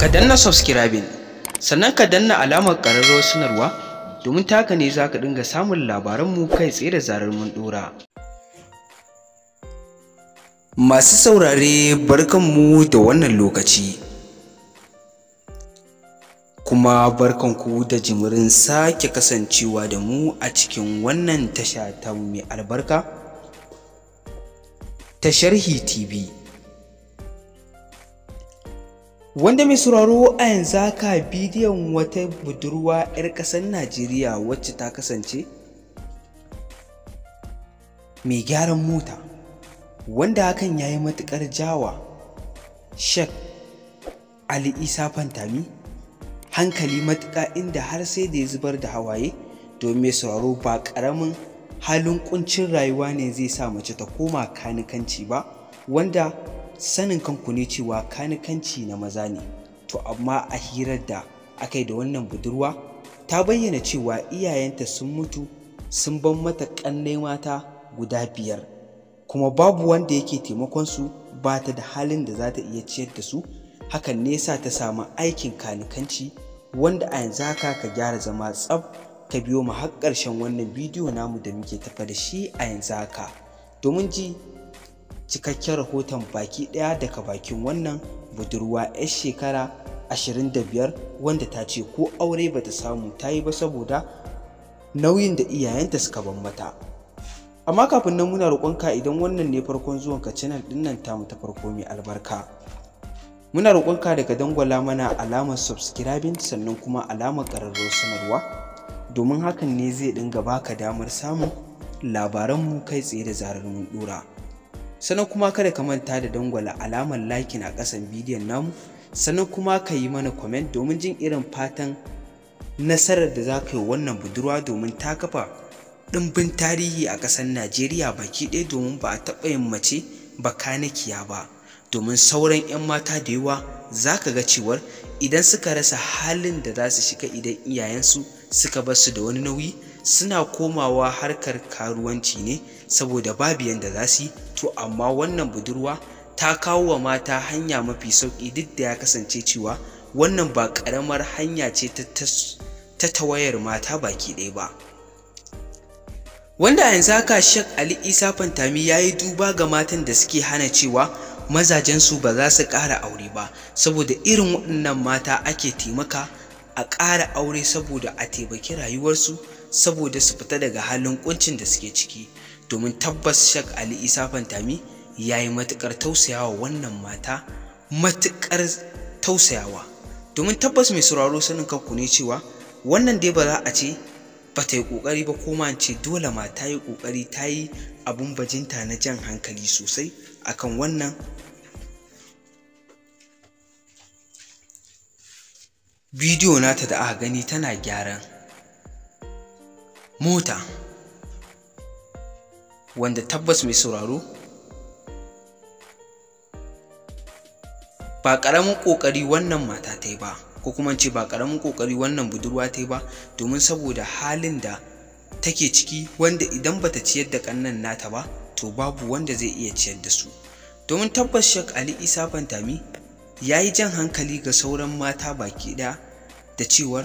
ka danna subscribing sannan ka danna alamar ƙararrawar sanarwa domin taka ne za ka dinga samun labaranmu kai tsaye da zarar mun dora masu saurare barkanmu da wannan lokaci kuma barkanku da jimirin sake kasancewa da mu a cikin wannan tasha ta mai albarka ta sharhi tv wanda mai sauraro a yanzu haka bidiyon wata budurwa 'yar ƙasar najeriya wacce ta kasance mai gyaran mota wanda hakan ya yi matuƙar jawa shek ali isa fantami hankali matuƙa inda har sai da ya zubar da hawaye domin mai sauraro ba ƙaramin halin ƙuncin rayuwa ne zai sa mace ta koma kanikanci ba wanda sanin kanku ne cewa kanikanci na maza ne to amma a hirar da aka yi da wannan budurwa ta bayyana cewa iyayenta sun mutu sun ban mata ƙannai mata guda biyar kuma babu wanda yake taimakonsu ba ta da halin da za ta iya ciyar da su hakan ne sa ta samu aikin kanikanci wanda a yanzu haka ka gyara zama tsab ka biyo mu har ƙarshen wannan bidiyo namu da muke tafa da shi a yanzu haka domin ji cikakken rahoton baki ɗaya daga bakin wannan budurwa 'yar shekara 25 wanda ta ce ko aure ba ta samu ta yi ba saboda nauyin da iyayenta suka ban mata amma kafin nan muna roƙonka idan wannan ne farkon zuwan ka canal ɗin nan tamu ta farko mai albarka muna roƙonka daga dangwala mana alamar subscribing sannan kuma alamar ƙararrawar sanarwa domin hakan ne zai dinga baka damar samun labaranmu kai tsaye da zarar mun ɗora sannan kuma kada ka manta da dangwala alamar likin a ƙasan bidiyon namu sannan kuma ka yi mana comment domin jin irin fatan nasarar da za ka yi wannan budurwa domin ta kafa ɗimbin tarihi a ƙasar najeriya baki ɗaya domin ba a taɓa yin mace bakanikiya ba domin sauran 'yan mata da yawa za ka ga cewar idan suka rasa halin da za su shiga idan iyayensu suka bar su da wani nauyi suna komawa harkar karuwanci ne saboda babu yanda za su yi to amma wannan budurwa ta kawo wa mata hanya mafi sauƙi duk da ya kasance cewa wannan ba ƙaramar hanya ce ta tawayar mata baki ɗaya ba wanda yanzu haka shek ali isa fantami ya yi duba ga matan da suke hana cewa mazajensu ba za su ƙara aure ba saboda irin waɗannan mata ake taimaka a ƙara aure saboda a taimaki rayuwarsu saboda su fita daga halin kuncin da suke ciki domin tabbas shak ali isa fantami ya yi matukar tausayawa wannan mata matukar tausayawa domin tabbas mai sauraro sanin kanku ne cewa wannan dai ba za a ce ba ta yi ƙoƙari ba ko ce dole ma ta yi ƙoƙari ta yi abun bajinta na jan hankali sosai akan wannan bidiyo nata da aka gani tana gyaran mota wanda tabbas mai sauraro ba ƙaramin ƙoƙari wannan mata ta yi ba ko kuma ce ba ƙaramin ƙoƙari wannan budurwa ta yi ba domin saboda halin da take ciki wanda idan ba ta ciyar da ƙannan nata ba to babu wanda zai iya ciyar da su domin tabbas shek ali isa bantami ya yi jan hankali ga sauran mata baki ɗaya da cewar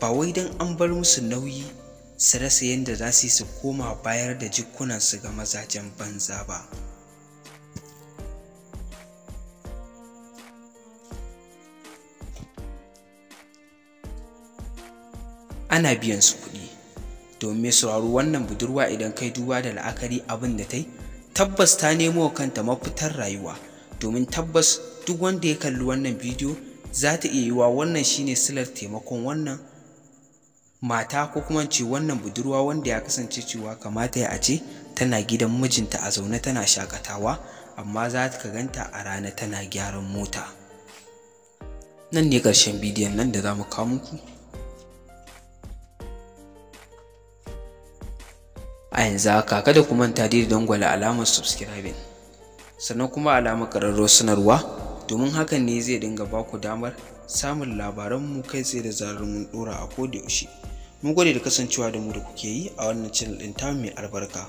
ba wai don an bar musu nauyi su rasa yadda za su yi su koma bayar da jikunansu ga mazajen banza ba ana biyan su kuɗi domin sauraro wannan budurwa idan kai duba da la'akari abin da ta yi tabbas ta nemo kanta mafitar rayuwa domin tabbas duk wanda ya kalli wannan bidiyo za ta iya yiwa wannan shine silar taimakon wannan mata ko kuma ce wannan budurwa wanda ya kasance cewa kamata ya ce tana gidan mijinta a zaune tana shakatawa amma za ka ganta a rana tana gyaran mota nan ne ƙarshen bidiyon nan da za mu kawo muku a yanzu haka kada ku manta dai da dangwala alamar subscribing sannan kuma alamar ƙararrawar sanarwa domin hakan ne zai dinga ba ku damar samun labaran mu kai tsaye da zarar mun dora a koda yaushe mun gode da kasancewa da mu da kuke yi a wannan channel ɗin ta mai albarka